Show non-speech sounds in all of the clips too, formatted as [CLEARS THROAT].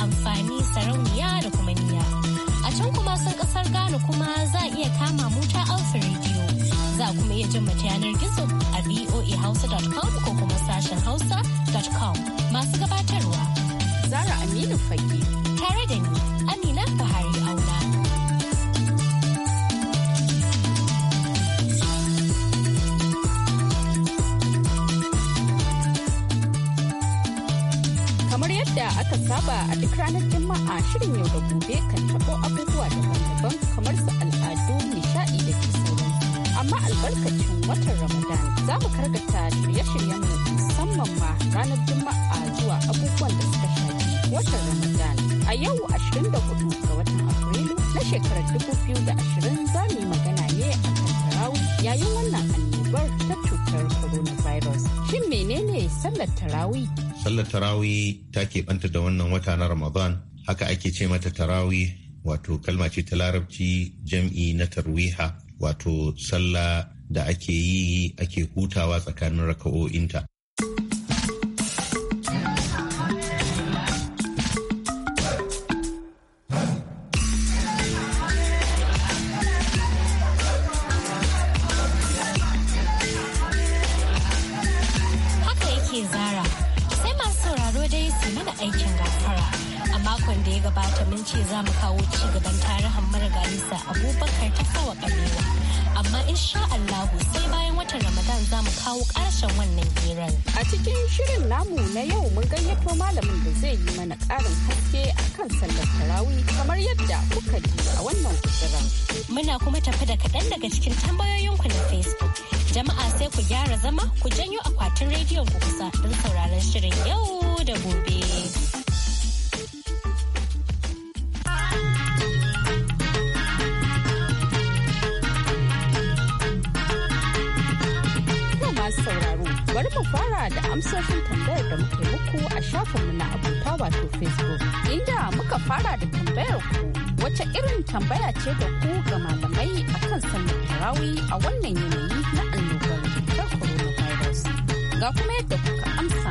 amfani sarauniya da kuma niya. A can kuma sun kasar Ghana kuma za a iya kama mu ta Alfa Radio. Za kuma iya jin mata yanar gizo a voahausa.com ko kuma sashen hausa.com masu gabatarwa. Zara Aminu Fage. Tare da ni. saba a duk ranar Juma'a shirin yau da gobe kan tabo abubuwa daban-daban kamar su al'adu, nishaɗi da ke sauran. Amma albarkacin watan Ramadan za mu karkata shirye-shiryen mu musamman ma ranar Juma'a zuwa abubuwan da suka shafi watan Ramadan. A yau 24 ga watan Afrilu na shekarar 2020 za mu yi magana ne a kan yayin wannan annobar ta cutar coronavirus. Shin menene sallar tarawih? sallar tarawi ta ke keɓanta da wannan wata na ramadan haka ake ce mata tarawi wato kalma ce ta larabci jam'i na tarwiha wato sallah da ake yi ake hutawa tsakanin raka'o'inta za mu kawo ci gaban tarihin marigalisa abubakar ta kawa kabewa amma insha allahu sai bayan watan ramadan za mu kawo karshen wannan hirar a cikin shirin namu na yau mun gayyato malamin da zai yi mana karin haske akan sallar tarawih kamar yadda kuka ji a wannan kusuran muna kuma tafi da kaɗan daga cikin tambayoyinku na facebook jama'a sai ku gyara zama ku janyo akwatin rediyon ku kusa don sauraron shirin yau da gobe. fara da amsoshin tambayar da muke muku a shafinmu na abota wato Facebook. Inda muka fara da tambayar ku wace irin tambaya ce da ku ga malamai akan sannan tarawi a wannan yanayi na annobar cutar coronavirus. Ga kuma yadda kuka amsa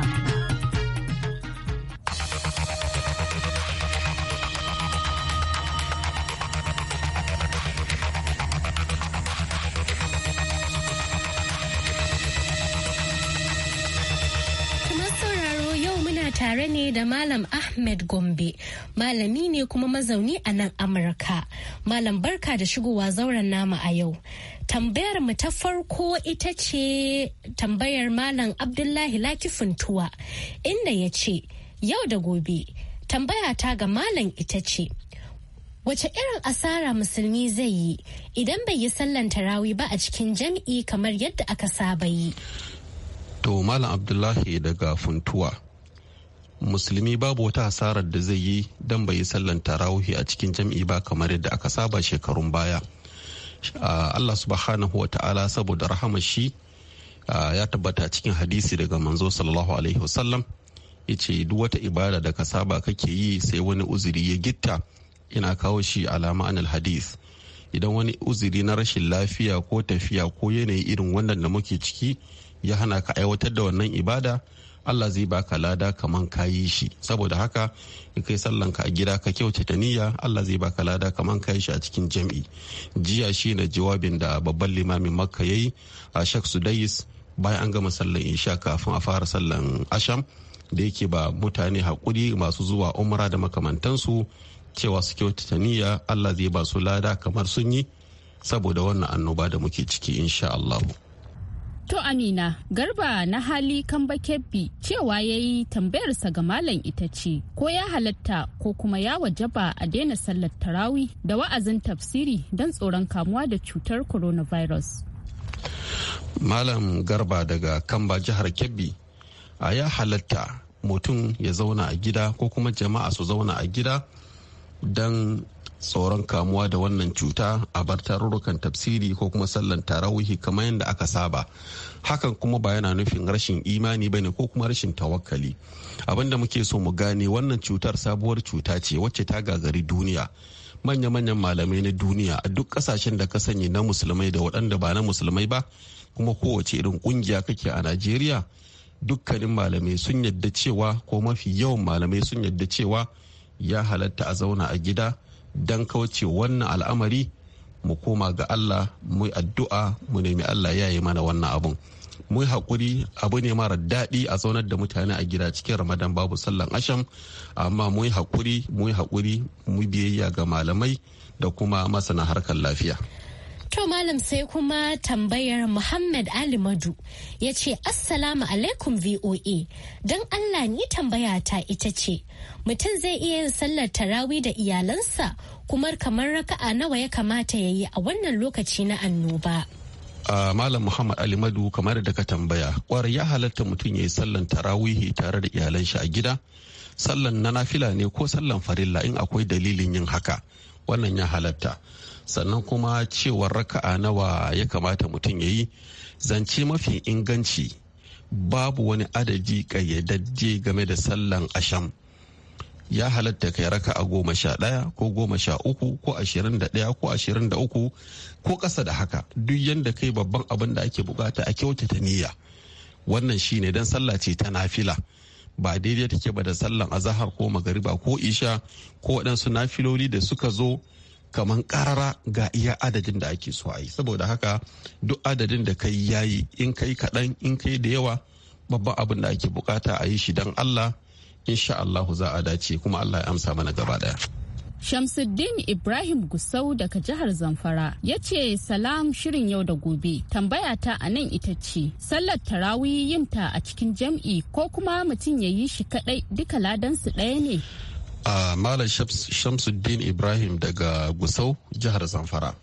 tare ne da Malam Ahmed Gombe, malami ne kuma mazauni a nan Amurka. Malam barka da shigowa zauren nama a yau. Tambayar mu ta farko ita ce tambayar Malam Abdullahi Tuwa, inda ya ce, Yau da gobe, tambaya ta ga Malam ita ce, Wace irin asara musulmi zai yi idan bai yi sallan tarawi ba a cikin jam'i kamar yadda aka saba yi? To Malam Abdullahi daga Funtuwa. musulmi babu wata hasarar da zai yi don bai yi sallan tarawihi a cikin jam'i ba kamar yadda aka saba shekarun baya allah subhanahu wa ta'ala saboda rahama shi ya tabbata cikin hadisi daga manzo sallallahu alaihi wasallam ya ce duk wata ibada da ka saba kake yi sai wani uzuri ya gitta ina kawo shi alama anil hadis idan wani uzuri na rashin lafiya ko tafiya ko yanayi irin wannan da muke ciki ya hana ka aiwatar da wannan ibada Allah zai baka lada kaman ka yi shi saboda haka in kai ka a gida ka kyautata niyya Allah zai baka lada kaman ka yi shi a cikin jam'i jiya shi ne jawabin da babban limamin makka ya yi a shak sudais bayan an gama sallan isha kafin a fara sallan asham da yake ba mutane hakuri masu zuwa umra da makamantansu cewa su kyautata niyya Allah zai ba su lada kamar sun yi saboda wannan annoba da muke ciki insha Allah. To Amina, garba na hali kamba kebbi cewa ya yi tambayarsa ga malam ita ce, ko ya halatta ko kuma ya wajaba a daina sallar tarawi da wa'azin tafsiri don tsoron kamuwa da cutar coronavirus. Malam garba daga kamba jihar kebbi a ya halatta mutum ya zauna a gida ko kuma jama'a su zauna a gida don tsoron kamuwa da wannan cuta a bar tarurrukan tafsiri ko kuma sallan tarawihi kamar yadda aka saba hakan kuma ba yana nufin rashin imani bane ko kuma rashin tawakkali abinda muke so mu gane wannan cutar sabuwar cuta ce wacce ta gagari duniya manya-manyan malamai na duniya a duk kasashen da ka sanya na musulmai da waɗanda ba na musulmai ba kuma kowace irin ƙungiya kake a najeriya dukkanin malamai sun yadda cewa ko mafi yawan malamai sun yadda cewa ya halatta a zauna a gida don kauce wannan al'amari mu koma ga Allah mu addu'a mu nemi Allah ya yi mana wannan abun mu haƙuri abu ne mara daɗi a zaunar da mutane a gida cikin ramadan babu sallan asham amma mu haƙuri mu haƙuri mu biyayya ga malamai da kuma masana harkar lafiya. To malam sai kuma tambayar Muhammad Ali Madu ya ce Assalamu alaikum VOA don Allah ni tambaya ta ita ce mutum zai iya yin sallar tarawi da iyalansa kuma kamar raka'a nawa ya kamata ya yi a wannan lokaci na annoba. Uh, Malam Muhammad Ali Madu kamar da ka tambaya kwarai ya halatta mutum ya yi sallan tarawihi tare da iyalan shi a gida sallan na nafila ne ko sallan farilla in akwai dalilin yin haka wannan ya halatta. sannan kuma cewar raka'a nawa ya kamata mutum ya yi zance mafi inganci babu wani adadi ƙayyadajje game da sallan asham ya halatta kai raka'a goma sha ɗaya ko goma sha uku ko ashirin da ɗaya ko ashirin da uku ko ƙasa da haka duk yadda kai babban abin da ake bukata a kyautata niyya wannan shine dan sallah ce ta nafila ba daidai take ba da sallan azahar ko magariba ko isha ko waɗansu nafiloli da suka zo kamar karara ga iya adadin da ake so a yi saboda haka duk adadin da kai yayi in kai kaɗan in kai da yawa babban abin da ake bukata a yi shi don Allah insha Allahu za a dace kuma Allah ya amsa mana gaba daya. Shamsuddin Ibrahim Gusau daga jihar Zamfara ya ce salam shirin yau da gobe tambaya ta a nan ita ce sallar tarawih yinta a cikin jam'i ko kuma mutum ya yi shi kadai duka ladansu ɗaya ne. a Malam Shamsuddin Ibrahim daga Gusau, jihar Zamfara.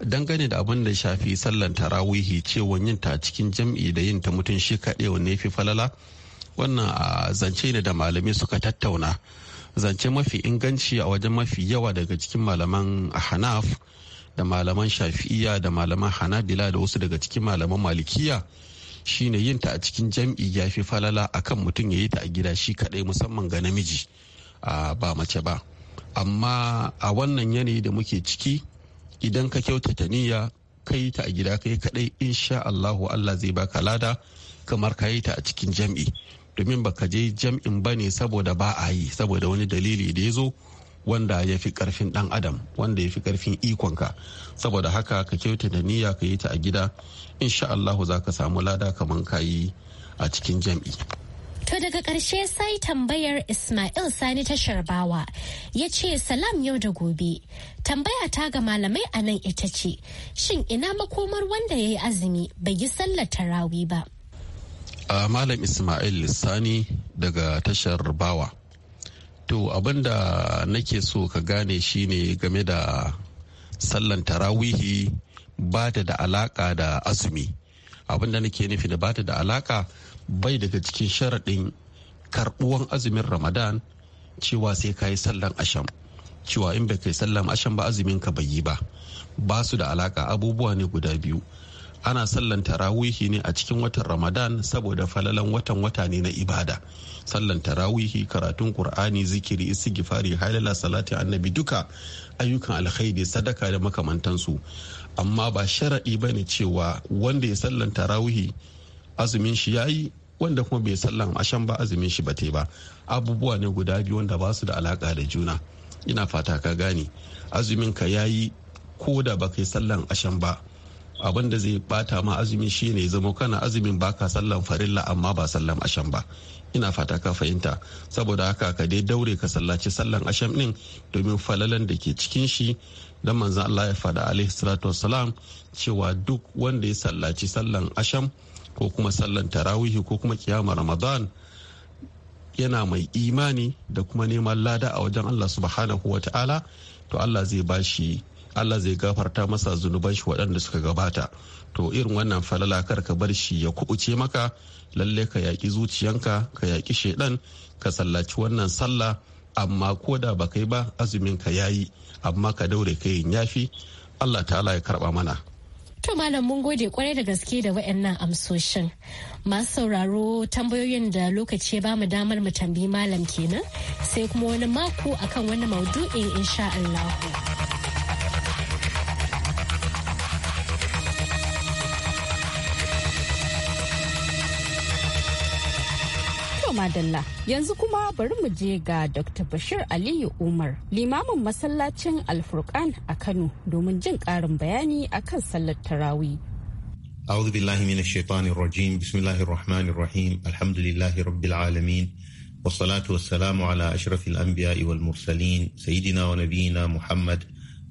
Dangane da abin da shafi sallan tarawihi cewa yin ta cikin jam'i da yin ta mutum shi kaɗai wanne fi falala, wannan a zance ne da malamai suka tattauna. Zance mafi inganci a wajen mafi yawa daga cikin malaman Hanaf da malaman Shafi'iya da malaman Hanabila da wasu daga cikin malaman Malikiya. shine yin ta a cikin jam'i ya fi falala akan mutum ya yi ta a gida shi kaɗai musamman ga namiji. ba mace ba amma a wannan yanayi da muke ciki idan ka kyautata niyya kai ta a gida kai kadai insha Allahu Allah zai baka lada kamar ka yi ta a cikin jam'i domin ba ka je jam'in ba ne saboda ba a yi saboda wani dalili da ya zo wanda ya fi karfin dan adam wanda ya fi karfin ikonka saboda haka ka kyautata niyya ka yi ta a gida insha Allahu za ka samu lada kamar ka yi a cikin jam'i. To daga ƙarshe sai tambayar Ismail Sani ta Sharbawa ya ce salam yau da gobe. Tambaya ta ga malamai a nan ita ce, shin ina makomar wanda ya yi azumi bai yi sallar tarawi ba? A Malam Ismail Sani daga tashar Bawa. To abinda nake so ka gane shine game da sallar tarawihi ba da alaka da azumi. abinda nake nufi da bata da alaka bai daga cikin sharaɗin karɓuwan azumin ramadan cewa sai ka yi sallan asham cewa in bai kai sallan asham ba azumin ka bai yi ba ba su da alaka abubuwa ne guda biyu ana sallan tarawihi ne a cikin watan ramadan saboda falalan watan wata ne na ibada sallan tarawihi karatun qur'ani zikiri istighfari halala salati annabi duka ayyukan alkhairi sadaka da makamantansu amma ba sharaɗi ba ne cewa wanda ya sallan tarawihi azumin shi ya yi wanda kuma bai sallan ashan ba azumin shi ba ba abubuwa ne guda biyu wanda ba su da alaka da juna ina fata ka gane azumin ka yi ko da ba kai sallan ashan ba abin da zai bata ma azumin shi ne zama kana azumin ba ka sallan farilla amma ba sallan ashan ba ina fata ka fahimta saboda haka ka dai daure ka sallaci sallan asham din domin falalan da ke cikin shi dan manzon Allah ya fada alaihi salatu wassalam cewa duk wanda ya sallaci sallan asham ko kuma sallan tarawihi ko kuma kiyama ramadan yana mai imani da kuma neman lada a wajen allah subhanahu wa ta'ala to allah zai bashi allah zai gafarta masa zunuban shi waɗanda suka gabata to irin wannan falala kar ka bar shi ya kubuce maka lalle ka yaƙi zuciyanka ka yaƙi shaidan ka sallaci wannan sallah amma ko da ba kai ba azumin ka yayi amma ka daure yin yafi allah ta'ala ya karba mana To malam mun gode kwarai da gaske da wayannan amsoshin. Masu sauraro tambayoyin da lokaci ba mu damar mu tambayi malam kenan sai kuma wani mako akan wani maudu'in insha Allah. madalla yanzu kuma bari mu je ga dr bashir aliyu umar limamin masallacin alfurkan a kano domin jin karin bayani akan sallar tarawi أعوذ بالله من الشيطان الرجيم بسم الله الرحمن الرحيم الحمد لله رب العالمين والصلاة والسلام على أشرف الأنبياء والمرسلين سيدنا ونبينا محمد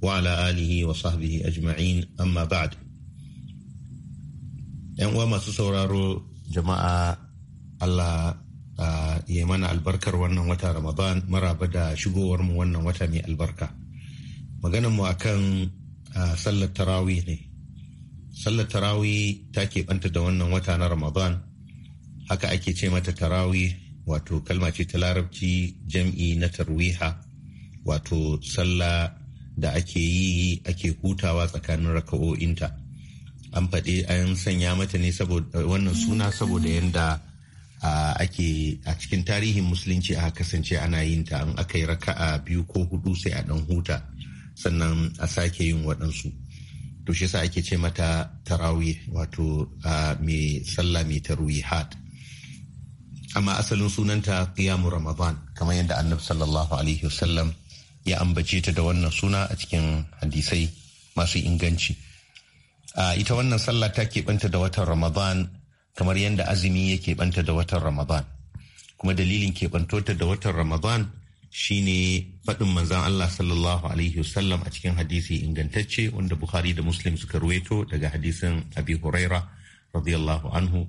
وعلى آله وصحبه أجمعين أما بعد ‘Yan uwa masu sauraro jama'a Allah a yi mana albarkar wannan wata ramadan maraba da shigowar mu wannan wata mai albarka maganin mu akan sallar tarawih ne sallar tarawi ta keɓanta da wannan wata na ramadan haka ake ce mata tarawi wato kalma ce ta larabci jam'i na tarwiha wato sallah da ake yi ake hutawa tsakanin raka'o'inta an faɗi an sanya mata ne saboda wannan suna saboda yadda ake a cikin tarihin musulunci a kasance ana yin ta an aka yi raka'a biyu ko hudu sai a dan huta sannan a sake yin waɗansu to shi yasa ake ce mata tarawi wato mai sallah mai hat amma asalin sunanta qiyamu ramadan kamar yadda annabi sallallahu alaihi wasallam ya ambace ta da wannan suna a cikin hadisai masu inganci ita wannan sallah ta keɓanta da watan ramadan kamar yadda azumi ya keɓanta da watan Ramadan. Kuma dalilin keɓantota da watan Ramadan shine faɗin manzan Allah sallallahu alaihi wasallam a cikin hadisi ingantacce wanda Bukhari da Muslim suka ruweto daga hadisin Abi Huraira radiyallahu anhu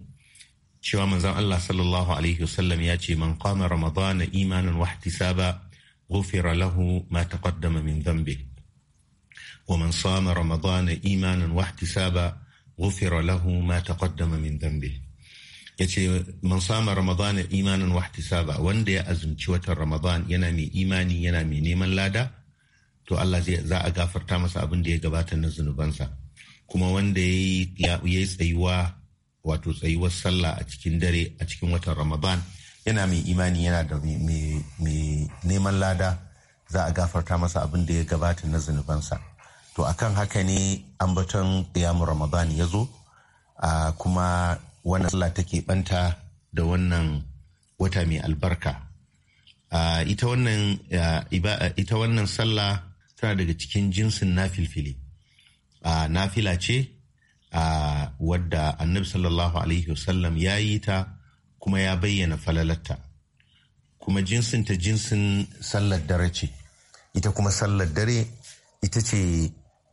cewa manzan Allah sallallahu alaihi wasallam ya ce man qama ramadana imanan wa ihtisaba ghufira lahu ma taqaddama min dhanbi wa man sama ramadana imanan wa ihtisaba غفر له ما تقدم min ذنبه ya ce man sama ramadana imanin wahtisaba wanda ya azumci watan ramadan yana mai imani yana mai neman lada to Allah za a gafarta masa abin da ya gabata na zunubansa kuma wanda ya yi tsayuwa wato tsayuwar sallah a cikin dare a cikin watan ramadan yana mai imani yana da mai neman lada za a gafarta masa abin da ya gabata na zunubansa to a kan haka ne an ambaton yamu ramadan ya zo kuma wannan sallah take banta da wannan wata mai albarka ita wannan sallah tana daga cikin jinsin nafilfili nafila ce wadda annabi sallallahu alaihi wasallam ya yi ta kuma ya bayyana falalatta. kuma jinsinta jinsin sallar dare ce ita kuma sallar dare ita ce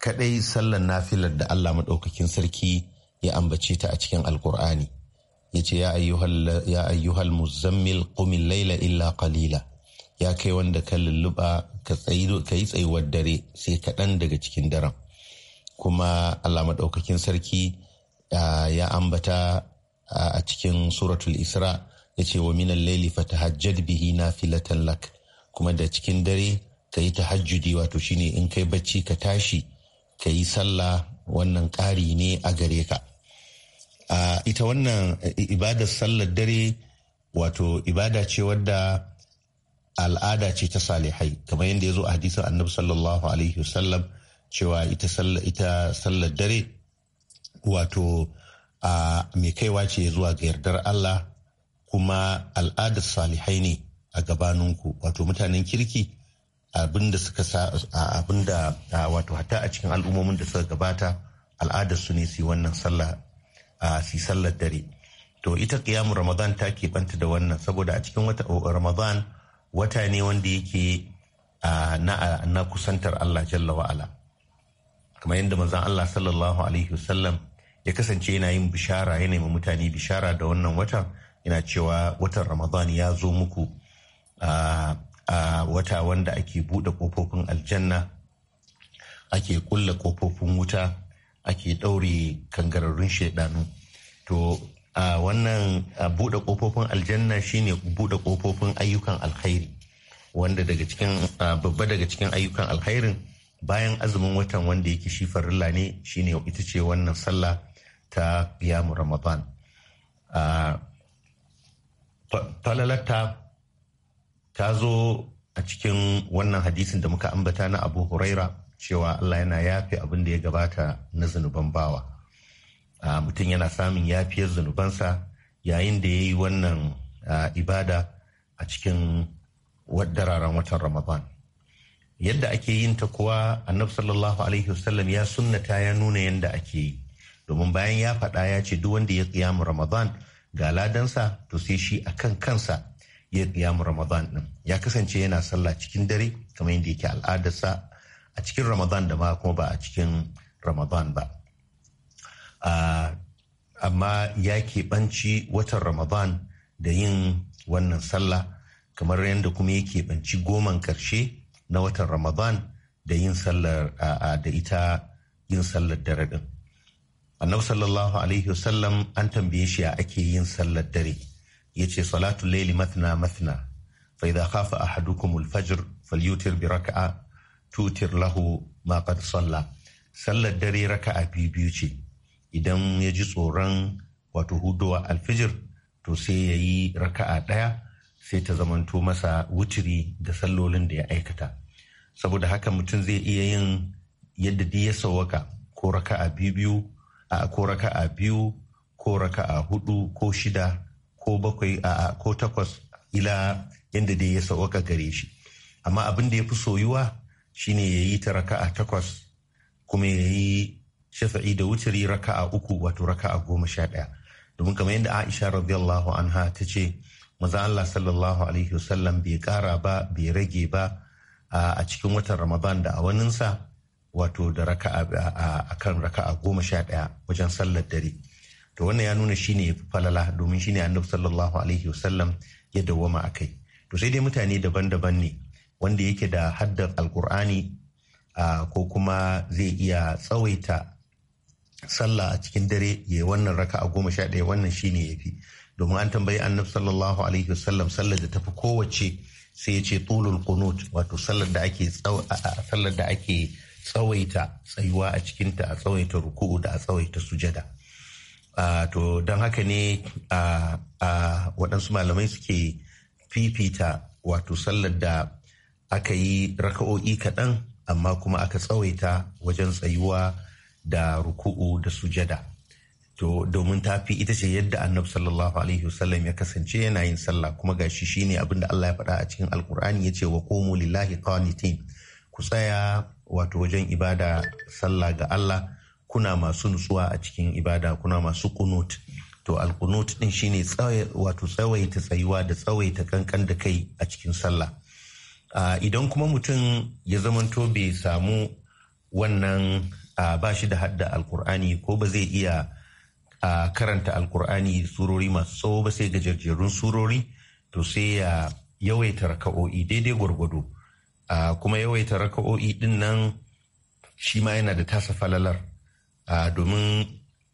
kadai sallar nafilar da Allah maɗaukakin sarki ya ambace ta a cikin alkur'ani ya ce ya ayyuhal muzammil ƙumin laila illa qalila ya kai wanda ka lulluɓa ka yi tsayuwar dare sai kaɗan daga cikin daren kuma Allah maɗaukakin sarki ya ambata a cikin suratul isra ya ce wa minan laili fatahajjad bihi nafilatan lak kuma da cikin dare ka yi tahajjudi wato shine in kai bacci ka tashi ka yi sallah wannan ƙari ne a gare ka ita wannan ibadar sallar dare wato ibada ce wadda al'ada ce ta salihai kamar yadda ya zo a hadisar annabi sallallahu alaihi wasallam cewa ita sallar dare wato a mai kaiwa ce zuwa ga yardar Allah kuma al'adar salihai ne a gabaninku wato mutanen kirki abin da suka sa abin da wato hata a cikin al'ummomin da suka gabata al'adar su ne su wannan sallah su sallar dare to ita kiyamun ramadan ta ke banta da wannan saboda a cikin wata ramadan wata ne wanda yake na kusantar Allah jalla wa'ala kamar yadda manzon Allah sallallahu alaihi wasallam ya kasance yana yin bishara yana yi mutane bishara da wannan watan yana cewa watan ramadan ya zo muku a wata wanda ake buɗe ƙofofin aljanna ake ƙulla ƙofofin wuta ake ɗaure kangararrun shaidanu to a wannan buɗe ƙofofin aljanna shine buɗe ƙofofin ayyukan alkhairi wanda daga cikin babba daga cikin ayyukan alkhairin bayan azumin watan wanda yake shi farilla ne shine ita ce wannan sallah ta qiyamu ramadan falalata ta zo a cikin wannan hadisin da muka ambata na abu huraira cewa allah yana yafe abin da ya gabata na zunuban bawa mutum yana samun yafiyar zunubansa yayin da ya yi wannan ibada a cikin dararen watan ramadan yadda ake yin ta kuwa annabi sallallahu alaihi wasallam ya sunnata ya nuna yadda ake yi domin bayan ya faɗa ya ce duk wanda ya kiyamu ramadan ga ladansa to sai shi akan kansa ya ƙiyamu ramadan din ya kasance yana sallah cikin dare kamar yadda yake al'adarsa a cikin ramadan da ma kuma ba a cikin ramadan ba amma ya keɓanci watan ramadan da yin wannan sallah kamar yadda kuma ya keɓanci goman karshe na watan ramadan da yin sallar da ita yin sallar dare din annabi sallallahu alaihi wasallam an tambaye shi a ake yin sallar dare yace salatu laili matna matna fa idha khafa ahadukum al-fajr falyutir bi raka'a tutir lahu ma qad salla sallar dare raka'a biyu ce idan ya ji tsoron wato hudowa alfijir to sai ya yi raka'a ɗaya sai ta zamanto masa wuturi da sallolin da ya aikata saboda haka mutum zai iya yin yadda duk ya sawaka ko raka'a biyu a ko raka'a biyu ko raka'a hudu ko shida ko bakwai a ko takwas ila yadda dai ya sauka gare shi amma abin da ya fi soyuwa shine ya yi ta raka'a takwas kuma ya yi shafa'i da wuturi raka'a uku wato raka'a goma sha ɗaya domin kamar yadda aisha radiyallahu anha ta ce maza Allah sallallahu alaihi wasallam bai kara ba bai rage ba a cikin watan ramadan da a waninsa wato da raka'a a kan raka'a goma sha ɗaya wajen sallar dare to wannan ya nuna shine falala domin shine annabi sallallahu alaihi wasallam ya dawwama akai to sai dai mutane daban-daban ne wanda yake da haddar alkur'ani ko kuma zai iya tsawaita sallah a cikin dare ya wannan raka a goma sha ɗaya wannan shine ya fi domin an tambayi annabi sallallahu alaihi wasallam sallar da tafi kowace sai ya ce tulul qunut wato sallar da ake sallar da ake tsawaita tsayuwa a cikinta a tsawaita ruku'u da a tsawaita sujada Ah, to don haka ne ah, ah, waɗansu malamai suke fifita wato sallar da aka yi raka'o'i kaɗan amma kuma aka tsawaita wajen tsayuwa da ruku'u da sujada to domin ta fi ita ce yadda annab sallallahu alaihi wasallam ya kasance yana yin sallah kuma gashi shine abin da Allah ya faɗa a cikin alkur'ani ya ce wa komu lillahi qanitin ku tsaya wato wajen ibada sallah ga Allah kuna masu nutsuwa a cikin ibada kuna masu kunut to alkunut din shine wato tsawaita tsayuwa da tsawaita kankan da kai a cikin sallah idan kuma mutum ya zamanto bai samu wannan ba shi da hadda alkur'ani ko ba zai iya karanta alkur'ani surori masu tsawo ba sai ga gajerjerun surori to sai ya yawaita raka'o'i daidai gwargwado kuma yawaita raka'o'i din nan shi ma yana da tasa falalar Ah, domin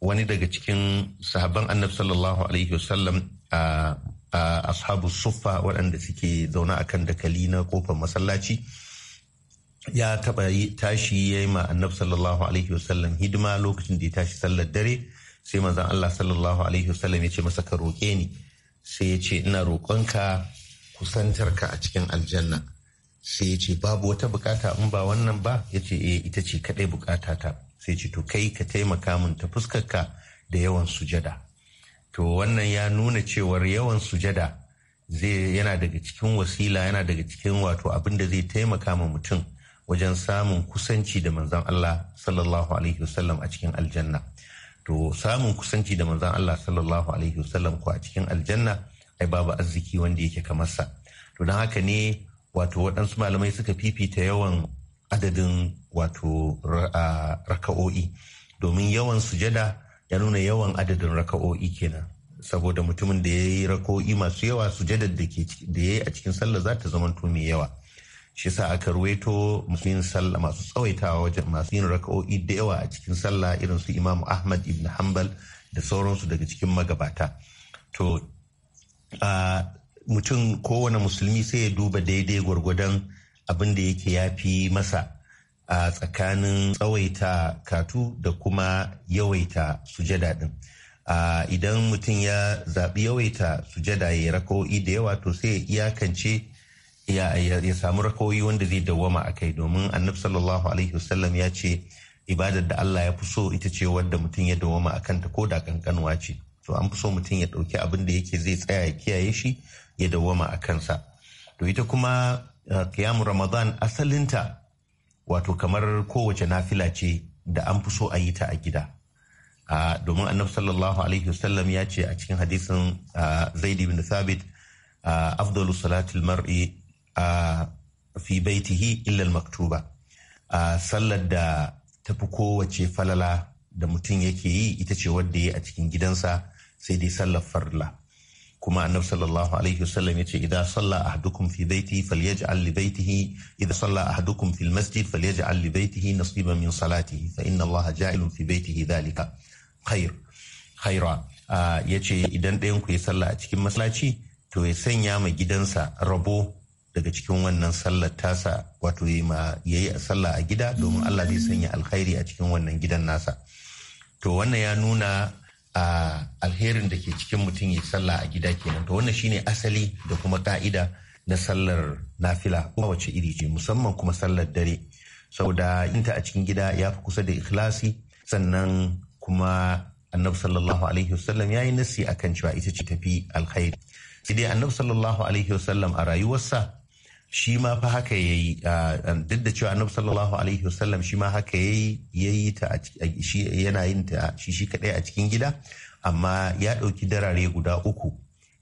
wani daga cikin sahabban annabi sallallahu alaihi wasallam ah, ah, ashabu suffa waɗanda suke zaune kan dakali na kofar masallaci ya taɓa tashi ya yi ma annabi sallallahu alaihi wasallam hidima lokacin da ya tashi sallar dare sai manzan Allah sallallahu alaihi wasallam ya ce masa ka roƙe ni sai ya ce ina roƙonka ka a cikin aljanna sai ya ce babu wata bukata in ba wannan ba ya ce eh, ita ce kaɗai bukata ta sai ce to kai ka taimaka min ta fuskarka da yawan sujada to wannan ya nuna cewar yawan sujada zai yana daga cikin wasila yana daga cikin wato abin da zai taimaka ma mutum wajen samun kusanci da manzon Allah sallallahu alaihi wasallam a cikin aljanna to samun kusanci da manzon Allah sallallahu alaihi wasallam ko a cikin aljanna ai babu arziki wanda yake kamar sa to don haka ne wato waɗansu malamai suka fifita yawan adadin wato raka'o'i domin yawan sujada ya nuna yawan adadin raka'o'i kenan saboda mutumin da ya yi raka'o'i masu yawa sujadar da ya yi a cikin sallah za ta zama mai yawa shi sa aka ruwaito masu yin sallah masu tsawaitawa wajen masu yin raka'o'i da yawa a cikin sallah irin su imamu ahmad ibn hanbal da sauransu daga cikin magabata to mutum kowane musulmi sai ya duba daidai gwargwadon abin da yake ya fi masa a tsakanin tsawaita katu da kuma yawaita sujada din idan mutum ya zaɓi yawaita sujada ya rako'i da yawa to sai ya iyakance ya samu rakawoyi wanda zai dawwama a kai domin annabi sallallahu alaihi wasallam ya ce ibadar da Allah ya fi so ita ce wadda mutum ya dawwama a kanta ko da kankanuwa ce to an fi so mutum ya ɗauki abin da yake zai tsaya ya kiyaye shi ya dawwama a kansa to ita kuma kiyamu uh, ramadan asalinta wato kamar kowace nafila ce da an fi so a yi ta a gida domin annabi sallallahu alaihi wasallam ya ce a cikin hadisin zaid bin thabit afdalu salatul mar'i fi baitihi illa maktuba sallar da tafi kowace falala da mutum yake yi ita ce wadda ya a cikin gidansa sai dai sallar farla kuma annabi sallallahu alaihi wasallam yace idan salla ahadukum fi baiti falyaj'al li baitihi idan salla ahadukum fil masjid falyaj'al li baitihi nasiban min salatihi fa inna allaha ja'ilun fi baitihi dhalika khair khaira ah, yace idan ɗayan ku ya salla a cikin masallaci to ya sanya ma gidansa rabo daga cikin wannan sallar tasa wato ya yi sallah a gida domin Allah zai sanya alkhairi a cikin wannan gidan nasa to wannan ya nuna A alherin da ke cikin mutum ya sallah a gida kenan to wannan shine asali da kuma ka'ida na sallar nafila kuma wace iri ce musamman kuma sallar dare saboda inta a cikin gida ya fi kusa da ikhlasi sannan kuma annabi sallallahu alaihi wasallam ya yi nasi akan cewa ita ce tafi alkhairi sai dai annabi sallallahu alaihi wasallam a rayuwarsa shi ma fa haka ya yi duk da cewa annabi sallallahu alaihi wasallam shi ma haka ya yi ta shi yana yin ta shi shi kadai a cikin gida amma ya ɗauki darare guda uku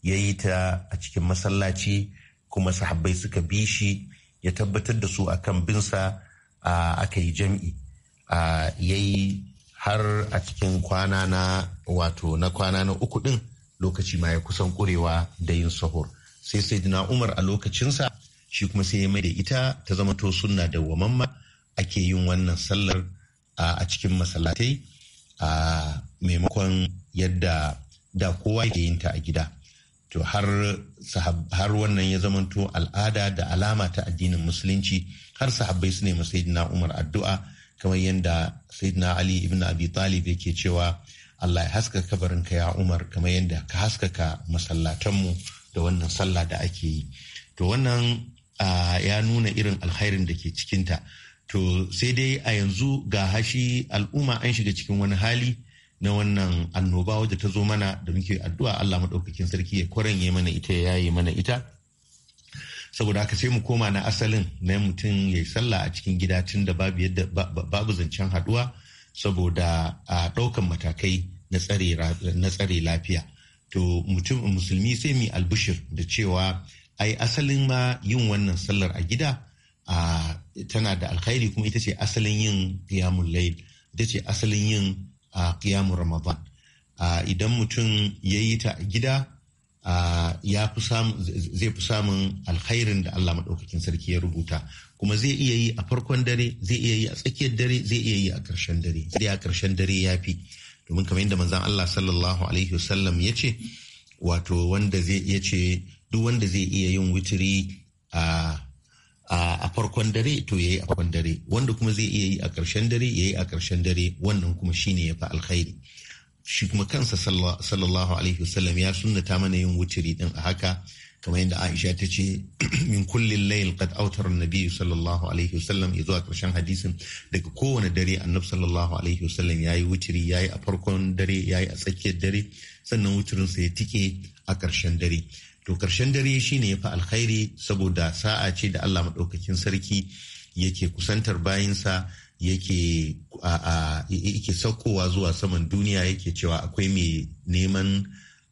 ya yi ta a cikin masallaci kuma sahabbai suka bi shi ya tabbatar da su a kan binsa aka yi jam'i ya yi har a cikin kwana na wato na kwana na uku ɗin lokaci ma ya kusan kurewa da yin sahur sai sai umar a lokacinsa shi kuma sai ya mai da ita ta zama to sunna da wamamma ake yin wannan sallar a cikin masallatai a maimakon yadda da kowa ke yin ta a gida to har wannan ya zamanto al'ada da alama ta addinin musulunci har sahabbai su ne sayyidina umar addu'a kamar yadda sayyidina ali ibn abi talib yake cewa Allah ya haska kabarin ka ya umar kamar yadda ka haskaka masallatanmu da wannan sallah da ake yi to wannan ya nuna irin alkhairin da ke cikinta to sai dai a yanzu ga hashi al'umma an shiga cikin wani hali na wannan annoba wadda ta zo mana da muke addu'a Allah maɗaukakin sarki ya kwaranye mana ita ya yaye mana ita saboda haka sai mu koma na asalin na mutum ya yi sallah a cikin gida tun da babu yadda babu zancen haduwa saboda a ɗaukan matakai na tsare lafiya to mutum musulmi sai mu albishir da cewa A yi asalin ma yin wannan sallar a gida a tana da alkhairi kuma ita ce asalin yin qiyamul layl ita ce asalin yin qiyamul ramadan idan mutum ya yi ta a gida zai fi samun alkhairin da Allah maɗaukakin sarki ya rubuta kuma zai iya yi a farkon dare zai iya yi a tsakiyar dare zai iya yi a ƙarshen dare a dare ya fi domin kamar yadda manzan Allah sallallahu alaihi wasallam ya ce wato wanda zai iya ce duk wanda zai iya yin witiri a a farkon dare to yayi a farkon dare wanda kuma zai iya yi a ƙarshen dare yayi a ƙarshen dare wannan kuma shine yafi alkhairi shi kuma kansa sallallahu alaihi wasallam ya sunnata mana yin wuturi din a haka kamar yadda Aisha ta ce [CLEARS THROAT] min kullin layl qad awtara an sallallahu alaihi wasallam zuwa ƙarshen hadisin daga kowane dare annabi sallallahu alaihi wasallam yayi witiri yayi a farkon dare yayi a tsakiyar dare sannan witirin sa ya tike a ƙarshen dare to karshen dare shine ya fi alkhairi saboda sa'a ce da Allah maɗaukakin sarki yake kusantar bayinsa yake yake saukowa zuwa saman duniya yake cewa akwai mai neman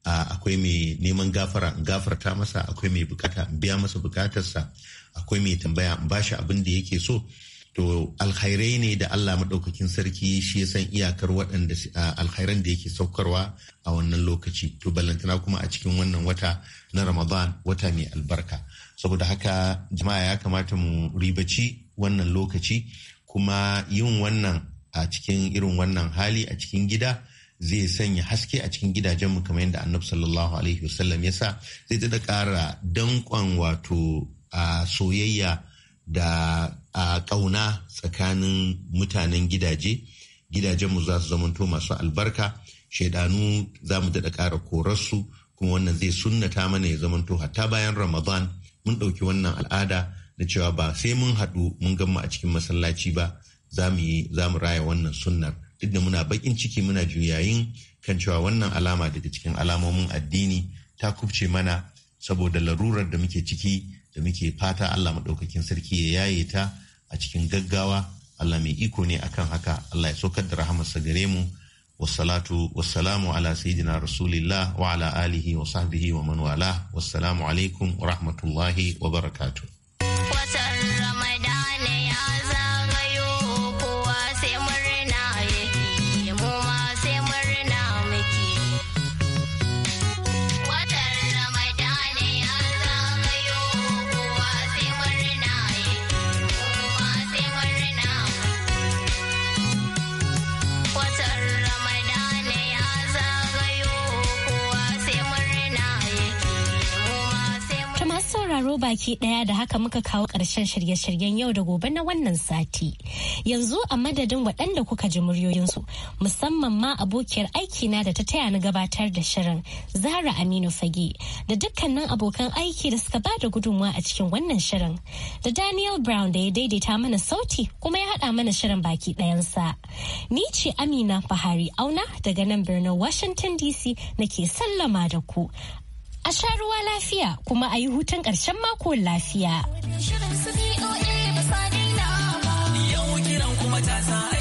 akwai mai neman gafara in gafarta masa akwai mai bukata in biya masa bukatarsa akwai mai tambaya in bashi abin da yake so to alkhairai ne da Allah maɗaukakin sarki shi ya san iyakar waɗanda alkhairan da yake saukarwa a wannan lokaci to ballantana kuma a cikin wannan wata na ramadan wata mai albarka saboda haka jama'a ya kamata mu ribaci wannan lokaci kuma yin wannan a cikin irin wannan hali a cikin gida zai sanya haske a cikin gidajenmu kamar yadda annabi sallallahu alaihi wasallam ya sa zai daɗa ƙara danƙon wato a soyayya da a ƙauna tsakanin mutanen gidaje gidajenmu za su zamanto masu albarka shaidanu za mu daɗa ƙara korarsu kuma wannan zai sunnata mana ya zamanto hatta bayan ramadan mun ɗauki wannan al'ada na cewa ba sai mun haɗu mun gama a cikin masallaci ba za mu yi za mu raya wannan sunnar duk da muna baƙin ciki muna juyayin kan cewa wannan alama daga cikin alamomin addini ta kubce mana saboda larurar da muke ciki da muke fata Allah maɗaukakin sarki ya yaye ta a cikin gaggawa Allah mai iko ne akan haka Allah ya saukar da rahamarsa gare mu wassalatu wassalamu ala sayidina rasulillah wa ala alihi wa sahbihi wa man wala wassalamu alaikum wa rahmatullahi wa barakatuh baki daya da haka muka kawo ƙarshen shirye-shiryen yau da gobe na wannan sati. Yanzu a madadin waɗanda kuka ji muryoyinsu musamman ma abokiyar aikina da ta taya ni gabatar da shirin Zara Aminu Fage da dukkanin abokan aiki da suka ba da gudunmawa a cikin wannan shirin da Daniel Brown da ya daidaita mana sauti kuma ya haɗa mana shirin baki ɗayansa. Ni ce Amina Bahari Auna daga nan birnin Washington DC nake sallama da ku. a sha ruwa lafiya kuma a yi hutun ƙarshen mako lafiya. Yau kiran kuma ta